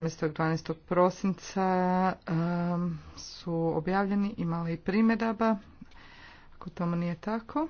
12. prosinca su objavljeni, imali i primjedaba, ako tomu nije tako.